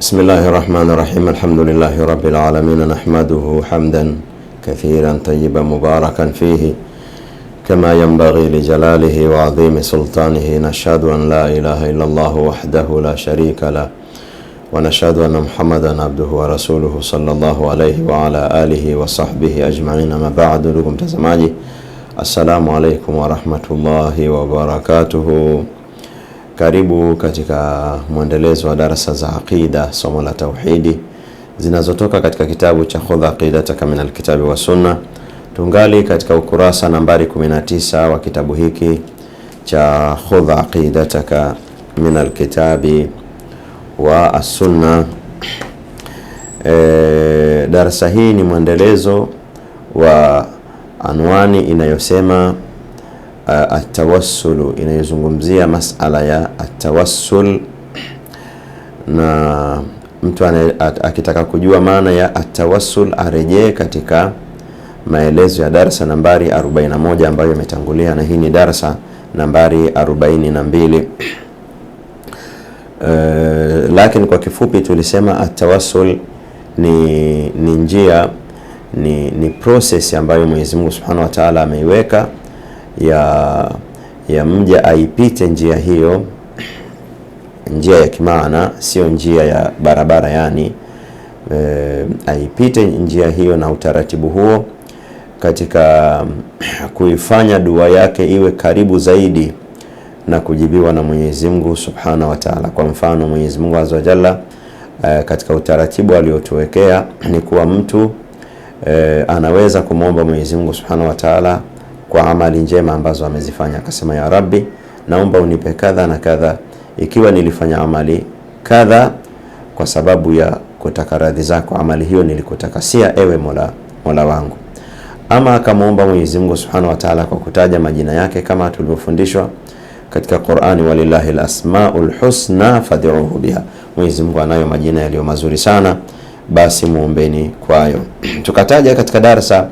بسم الله الرحمن الرحيم الحمد لله رب العالمين نحمده حمدا كثيرا طيبا مباركا فيه كما ينبغي لجلاله وعظيم سلطانه نشهد أن لا إله إلا الله وحده لا شريك له ونشهد أن محمدا عبده ورسوله صلى الله عليه وعلى آله وصحبه أجمعين ما بعد لكم تزماجي السلام عليكم ورحمة الله وبركاته Karibu katika mwendelezo wa darasa za aqida, somo la tauhidi zinazotoka katika kitabu cha Khudha Aqidataka min alkitabi wa Sunna. Tungali katika ukurasa nambari 19 wa kitabu hiki cha Khudha Aqidataka min alkitabi wa Assunna. E, darasa hii ni mwendelezo wa anwani inayosema uh, atawassulu inayozungumzia masala ya atawassul, na mtu ane, at, akitaka kujua maana ya atawassul arejee katika maelezo ya darsa nambari 41 ambayo imetangulia, na hii ni darsa nambari 42. Uh, e, lakini kwa kifupi tulisema atawassul ni, ni njia ni, ni process ambayo Mwenyezi Mungu Subhanahu wa Ta'ala ameiweka ya, ya mja aipite njia hiyo, njia ya kimaana, sio njia ya barabara yani e, eh, aipite njia hiyo na utaratibu huo katika kuifanya dua yake iwe karibu zaidi na kujibiwa na Mwenyezi Mungu Subhana wa Ta'ala. Kwa mfano Mwenyezi Mungu Azza wa Jalla e, katika utaratibu aliotuwekea ni kuwa mtu e, anaweza kumwomba Mwenyezi Mungu Subhana wa Ta'ala kwa amali njema ambazo amezifanya. Akasema, ya Rabbi, naomba unipe kadha na kadha, ikiwa nilifanya amali kadha kwa sababu ya kutaka radhi zako, amali hiyo nilikutakasia ewe Mola, Mola wangu. Ama akamwomba Mwenyezi Mungu Subhanahu wa Ta'ala kwa kutaja majina yake kama tulivyofundishwa katika Qur'ani, walillahi al-asmaul husna fad'uhu biha, Mwenyezi Mungu anayo majina yaliyo mazuri sana, basi muombeni kwayo. Tukataja katika darsa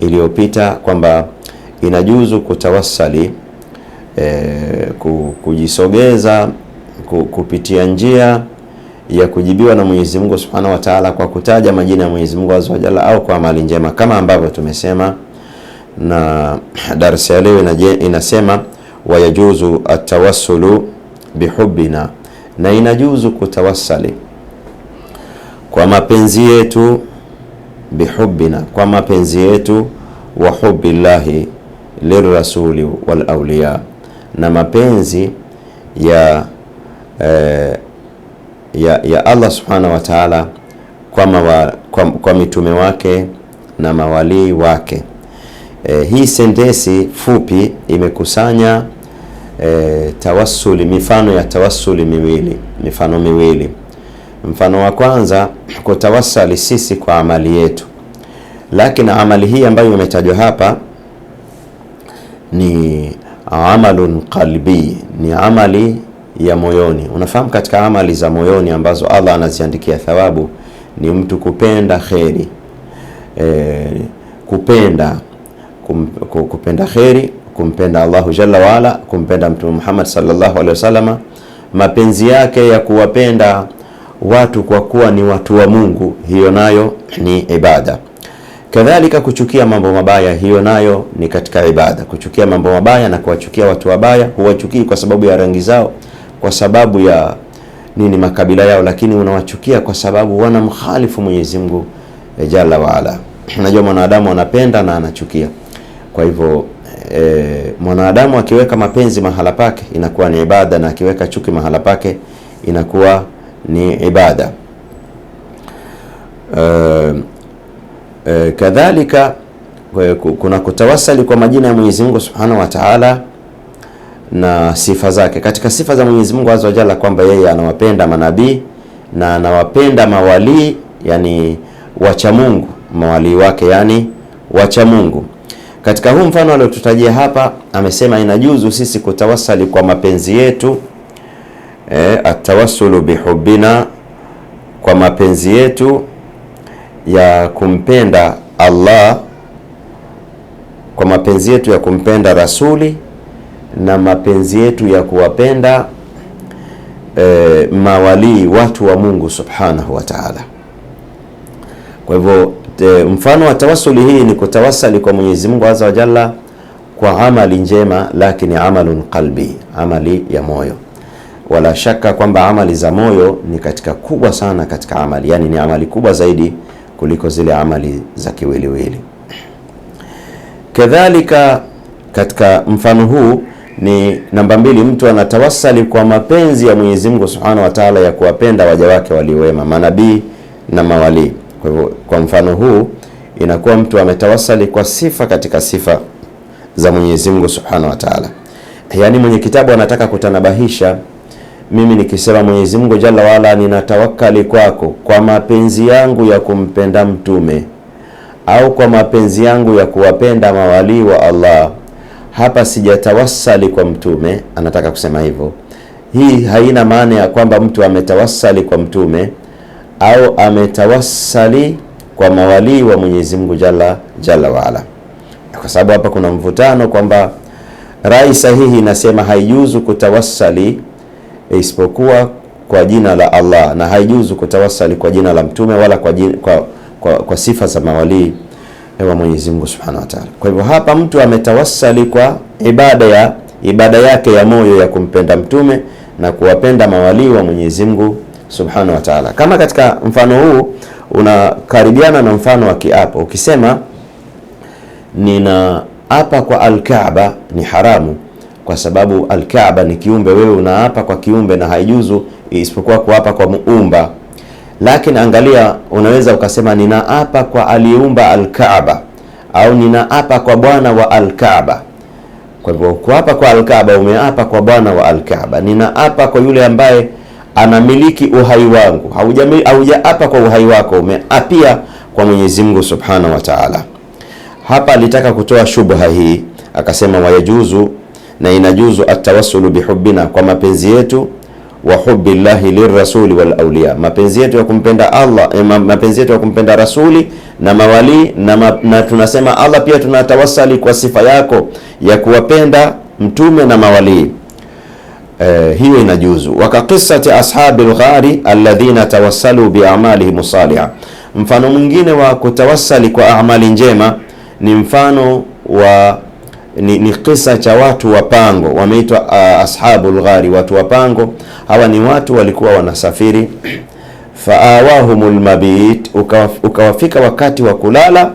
iliyopita kwamba inajuzu kutawasali e, eh, kujisogeza kupitia njia ya kujibiwa na Mwenyezi Mungu Subhanahu wa Ta'ala kwa kutaja majina ya Mwenyezi Mungu Azza wa Jalla au kwa amali njema kama ambavyo tumesema, na darsa ya leo inasema wayajuzu atawassulu bihubbina, na inajuzu kutawassali kwa mapenzi yetu, bihubbina, kwa mapenzi yetu wa hubbillahi lirrasuli wal awliya, na mapenzi ya, eh, ya, ya Allah subhanahu wa ta'ala kwa, kwa, kwa mitume wake na mawalii wake. Eh, hii sentensi fupi imekusanya eh, tawassuli, mifano ya tawassuli miwili, mifano miwili. Mfano wa kwanza kutawasali sisi kwa amali yetu, lakini amali hii ambayo imetajwa hapa ni amalun qalbi, ni amali ya moyoni. Unafahamu, katika amali za moyoni ambazo Allah anaziandikia thawabu ni mtu kupenda kheri e, kupenda kum, kupenda kheri, kumpenda Allahu jalla waala, kumpenda Mtume Muhammad sallallahu alaihi wasallam, mapenzi yake ya kuwapenda watu kwa kuwa ni watu wa Mungu, hiyo nayo ni ibada. Kadhalika kuchukia mambo mabaya, hiyo nayo ni katika ibada. Kuchukia mambo mabaya na kuwachukia watu wabaya, huwachukii kwa sababu ya rangi zao, kwa sababu ya nini, makabila yao, lakini unawachukia kwa sababu wana mkhalifu Mwenyezi Mungu eh, jalla waala. Unajua mwanadamu anapenda na anachukia, kwa hivyo E, mwanadamu akiweka mapenzi mahala pake inakuwa ni ibada, na akiweka chuki mahala pake inakuwa ni ibada. E, E, kadhalika kuna kutawasali kwa majina ya Mwenyezi Mungu Subhanahu wa Ta'ala na sifa zake. Katika sifa za Mwenyezi Mungu Azza wa Jalla kwamba yeye anawapenda manabii na anawapenda mawalii, yani wacha Mungu, mawalii wake yani wacha Mungu. Katika huu mfano aliotutajia hapa, amesema inajuzu sisi kutawasali kwa mapenzi yetu e, eh, atawasulu bihubbina, kwa mapenzi yetu ya kumpenda Allah kwa mapenzi yetu ya kumpenda rasuli na mapenzi yetu ya kuwapenda e, mawalii watu wa Mungu subhanahu wa ta'ala. Kwa hivyo eh, mfano wa tawasuli hii ni kutawasali kwa Mwenyezi Mungu azza wa jalla kwa amali njema, lakini amalun qalbi, amali ya moyo. Wala shaka kwamba amali za moyo ni katika kubwa sana katika amali, yani ni amali kubwa zaidi kuliko zile amali za kiwiliwili. Kadhalika, katika mfano huu ni namba mbili, mtu anatawasali kwa mapenzi ya Mwenyezi Mungu Subhanahu wa Ta'ala ya kuwapenda waja wake waliowema, manabii na mawalii. Kwa hivyo, kwa mfano huu inakuwa mtu ametawasali kwa sifa katika sifa za Mwenyezi Mungu Subhanahu wa Ta'ala. Yaani mwenye kitabu anataka kutanabahisha mimi nikisema Mwenyezi Mungu Jalla waala, ninatawakali kwako kwa mapenzi yangu ya kumpenda mtume au kwa mapenzi yangu ya kuwapenda mawalii wa Allah. Hapa sijatawassali kwa mtume, anataka kusema hivyo. Hii haina maana ya kwamba mtu ametawassali kwa mtume au ametawassali kwa mawalii wa Mwenyezi Mungu Jalla Jalla waala, kwa sababu hapa kuna mvutano kwamba rai sahihi inasema haijuzu kutawassali isipokuwa kwa jina la Allah, na haijuzu kutawasali kwa jina la mtume wala kwa, jina, kwa, kwa, kwa sifa za mawalii wa Mwenyezi Mungu Subhanahu wa Ta'ala. Kwa hivyo hapa mtu ametawasali kwa ibada ya ibada yake ya moyo ya kumpenda mtume na kuwapenda mawalii wa Mwenyezi Mungu Subhanahu wa Ta'ala. Kama katika mfano huu unakaribiana na mfano wa kiapo, ukisema nina apa kwa Al-Kaaba ni haramu kwa sababu Alkaaba ni kiumbe, wewe unaapa kwa kiumbe na haijuzu isipokuwa kuapa kwa muumba. Lakini angalia, unaweza ukasema ninaapa kwa aliyeumba Alkaaba au ninaapa kwa Bwana wa Alkaaba. Kwa hivyo kuapa kwa Alkaaba, umeapa kwa Bwana wa Alkaaba. Ninaapa kwa yule ambaye anamiliki uhai wangu. Haujaapa kwa uhai wako, umeapia kwa Mwenyezi Mungu Subhanahu wa Ta'ala. Hapa alitaka kutoa shubha hii, akasema wayajuzu na inajuzu atawasulu bihubbina, kwa mapenzi yetu wa hubbi llahi lirrasuli wal mapenzi yetu ya kumpenda Allah, eh, mapenzi yetu ya kumpenda rasuli na mawali na, ma, na tunasema Allah pia tunatawasali kwa sifa yako ya kuwapenda mtume na mawalii. Eh, hiyo inajuzu. wa qissati ashabi lghari alladhina tawassalu biamalihim saliha, mfano mwingine wa kutawasali kwa amali njema ni mfano wa ni, ni kisa cha watu wa pango, wameitwa uh, ashabul ghari, watu wa pango. Hawa ni watu walikuwa wanasafiri faawahum mabit, ukawafika wakati wa kulala,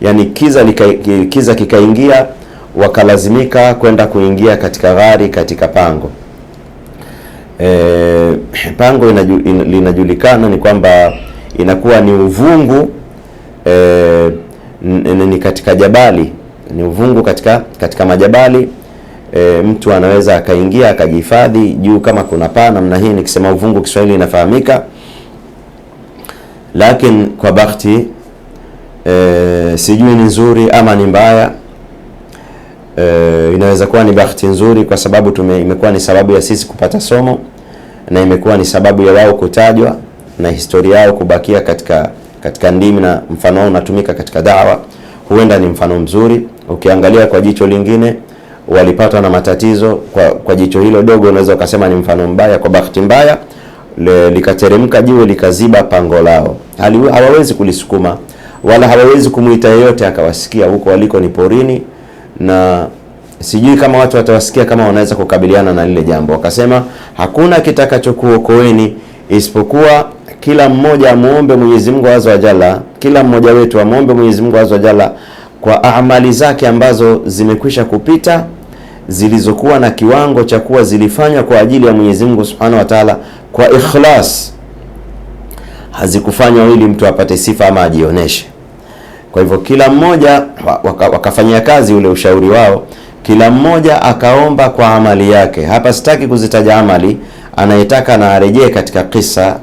yani kiza lika, kiza kikaingia, wakalazimika kwenda kuingia katika ghari, katika pango. E, pango inaju, in, linajulikana ni kwamba inakuwa ni uvungu e, n, n, ni katika jabali ni uvungu katika, katika majabali e, mtu anaweza akaingia akajihifadhi juu kama kuna paa namna hii. Nikisema uvungu Kiswahili inafahamika, lakini kwa bahati e, sijui ni nzuri ama ni mbaya e, inaweza kuwa ni bahati nzuri kwa sababu tume, imekuwa ni sababu ya sisi kupata somo na imekuwa ni sababu ya wao kutajwa na historia yao kubakia katika katika ndimi na mfano wao unatumika katika dawa, huenda ni mfano mzuri. Ukiangalia kwa jicho lingine, walipatwa na matatizo kwa, kwa jicho hilo dogo, unaweza ukasema ni mfano mbaya. Kwa bahati mbaya likateremka jiwe likaziba pango lao, hawawezi kulisukuma wala hawawezi kumwita yeyote akawasikia. Huko waliko ni porini, na sijui kama watu watawasikia kama wanaweza kukabiliana na lile jambo. Wakasema hakuna kitakachokuokoeni isipokuwa kila mmoja amuombe Mwenyezi Mungu azza wa jalla, kila mmoja wetu amuombe Mwenyezi Mungu azza wa jalla kwa amali zake ambazo zimekwisha kupita zilizokuwa na kiwango cha kuwa zilifanywa kwa ajili ya Mwenyezi Mungu Subhanahu wa Ta'ala kwa ikhlas, hazikufanywa ili mtu apate sifa ama ajionyeshe. Kwa hivyo kila mmoja waka, wakafanyia kazi ule ushauri wao, kila mmoja akaomba kwa amali yake. Hapa sitaki kuzitaja amali, anayetaka na arejee katika kisa,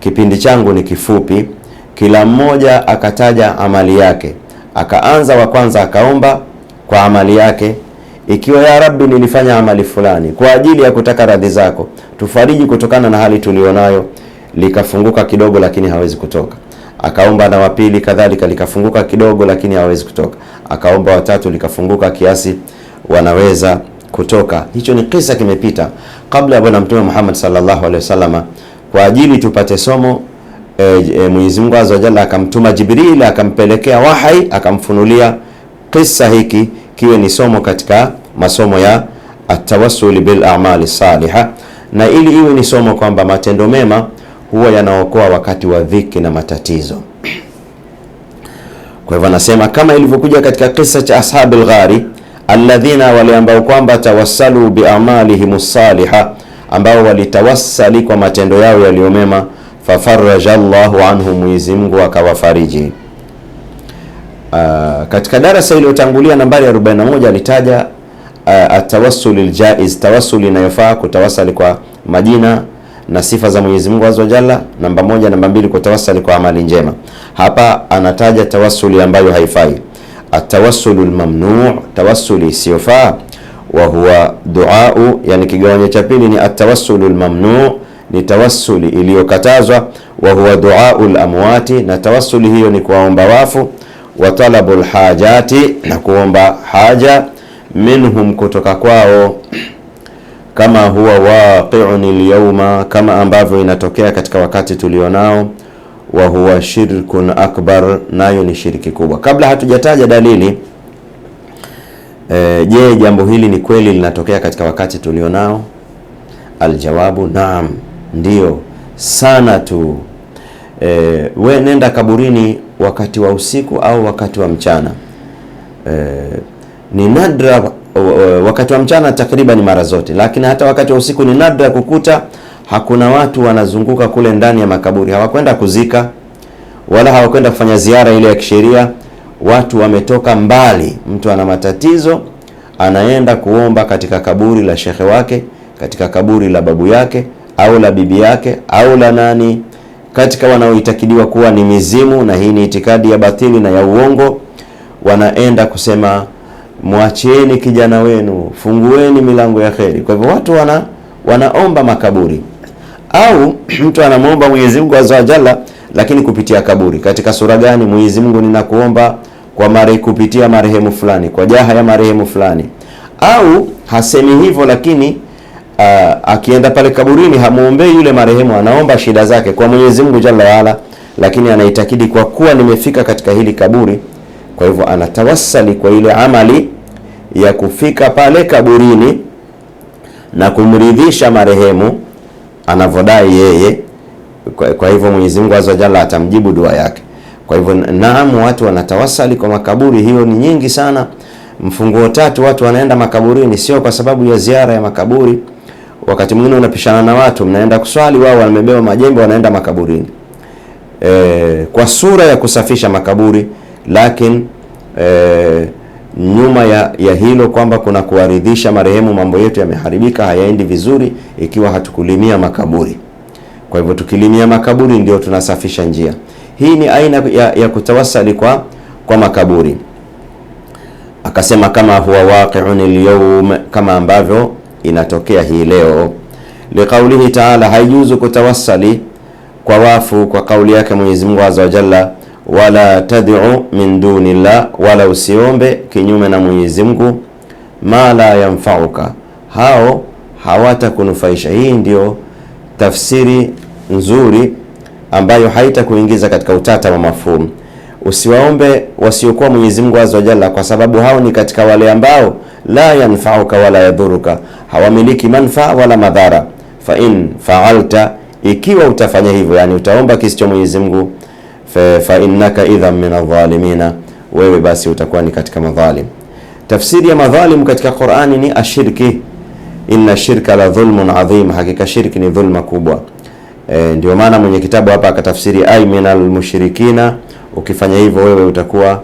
kipindi changu ni kifupi. Kila mmoja akataja amali yake. Akaanza wa kwanza akaomba kwa amali yake, ikiwa ya Rabbi, nilifanya amali fulani kwa ajili ya kutaka radhi zako, tufariji kutokana na hali tulionayo. Likafunguka kidogo, lakini hawezi kutoka. Akaomba na wapili kadhalika, likafunguka kidogo, lakini hawezi kutoka. Akaomba watatu, likafunguka kiasi wanaweza kutoka. Hicho ni kisa kimepita kabla ya Bwana Mtume Muhammad sallallahu alaihi wasallam, kwa ajili tupate somo e, Mwenyezi Mungu Azza Jalla akamtuma Jibril akampelekea wahai akamfunulia kisa hiki kiwe ni somo katika masomo ya atawassul bil a'mali saliha, na ili iwe ni somo kwamba matendo mema huwa yanaokoa wakati wa dhiki na matatizo. Kwa hivyo anasema kama ilivyokuja katika kisa cha ashabil ghari alladhina, wale ambao kwamba tawassalu bi amalihim saliha, ambao walitawasali kwa matendo yao yaliyomema fafaraja Allahu anhu, Mwenyezi Mungu akawafariji. Uh, katika darasa iliyotangulia nambari 41 alitaja uh, ah, atawassul aljaiz, tawassul inayofaa kutawasali kwa majina na sifa za Mwenyezi Mungu azza jalla. Namba moja, namba mbili, kutawasali kwa amali njema. Hapa anataja tawassuli ambayo haifai, atawassulul mamnu, tawassuli isiyofaa. Wa huwa duau, yani kigawanyo cha pili ni atawassulul mamnu ni tawassuli iliyokatazwa, wa huwa duaul amwati, na tawassuli hiyo ni kuwaomba wafu, wa talabul hajati, na kuomba haja, minhum, kutoka kwao, kama huwa waqi'un lyauma kama ambavyo inatokea katika wakati tulionao, wa huwa shirkun akbar, nayo ni shirki kubwa. Kabla hatujataja dalili E, je, jambo hili ni kweli linatokea katika wakati tulionao? Aljawabu naam ndio sana tu. E, we nenda kaburini wakati wa usiku au wakati wa mchana. E, ni nadra e, wakati wa mchana takriban mara zote, lakini hata wakati wa usiku ni nadra kukuta hakuna watu wanazunguka kule ndani ya makaburi. Hawakwenda kuzika wala hawakwenda kufanya ziara ile ya kisheria. Watu wametoka mbali, mtu ana matatizo anaenda kuomba katika kaburi la shekhe wake, katika kaburi la babu yake, au la bibi yake au la nani katika wanaoitakidiwa kuwa ni mizimu, na hii ni itikadi ya batili na ya uongo. Wanaenda kusema mwachieni kijana wenu, fungueni milango ya kheri. Kwa hivyo watu wana wanaomba makaburi au mtu anamwomba Mwenyezi Mungu azza lakini kupitia kaburi. Katika sura gani? Mwenyezi Mungu, ninakuomba kwa mare kupitia marehemu fulani, kwa jaha ya marehemu fulani. Au hasemi hivyo, lakini uh, akienda pale kaburini hamuombei yule marehemu, anaomba shida zake kwa Mwenyezi Mungu Jalla waala, lakini anaitakidi kwa kuwa nimefika katika hili kaburi, kwa hivyo anatawasali kwa ile amali ya kufika pale kaburini na kumridhisha marehemu anavyodai yeye. Kwa, kwa hivyo Mwenyezi Mungu azza jalla atamjibu dua yake. Kwa hivyo naam, watu wanatawasali kwa makaburi, hiyo ni nyingi sana. Mfunguo tatu, watu wanaenda makaburini sio kwa sababu ya ziara ya makaburi wakati mwingine unapishana na watu, mnaenda kuswali, wao wamebeba majembe, wanaenda makaburini e, kwa sura ya kusafisha makaburi, lakini e, nyuma ya, ya hilo kwamba kuna kuwaridhisha marehemu, mambo yetu yameharibika, hayaendi vizuri ikiwa hatukulimia makaburi. Kwa hivyo tukilimia makaburi ndio tunasafisha njia. Hii ni aina ya, ya kutawasali kwa, kwa makaburi. Akasema kama huwa waqi'un al-yawm, kama ambavyo inatokea hii leo. Liqaulihi taala, haijuzu kutawasali kwa wafu kwa kauli yake Mwenyezi Mungu azza wa jalla, wala tad'u min dunillah, wala usiombe kinyume na Mwenyezi Mungu, ma la yanfauka, hao hawatakunufaisha. Hii ndio tafsiri nzuri ambayo haitakuingiza katika utata wa mafumu usiwaombe wasiokuwa Mwenyezi Mungu azza wajalla, kwa sababu hao ni katika wale ambao la yanfauka wala yadhuruka, hawamiliki manfaa wala madhara. Fa in faalta, ikiwa utafanya hivyo, yani utaomba kisicho Mwenyezi Mungu, fa innaka idhan min adh-dhalimina, wewe basi utakuwa ni katika madhalim. Tafsiri ya madhalim katika Qur'ani ni ashirki, inna shirka la dhulmun adhim, hakika shirki ni dhulma kubwa. E, ndio maana mwenye kitabu hapa akatafsiri ay minal mushrikina Ukifanya hivyo wewe utakuwa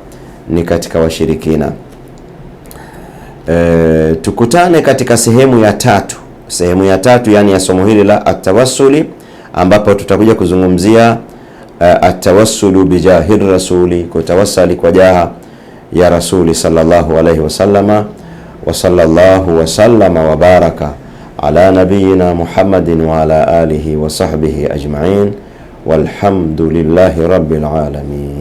ni katika washirikina. E, tukutane katika sehemu ya tatu, sehemu ya tatu yani ya somo hili la atawasuli, ambapo tutakuja kuzungumzia uh, e, atawasulu bijahir rasuli, kutawasali kwa jaha ya rasuli sallallahu alayhi wasallama wa sallallahu sallama wa baraka ala nabiyina Muhammadin wa ala alihi wa sahbihi ajma'in walhamdulillahi rabbil alamin.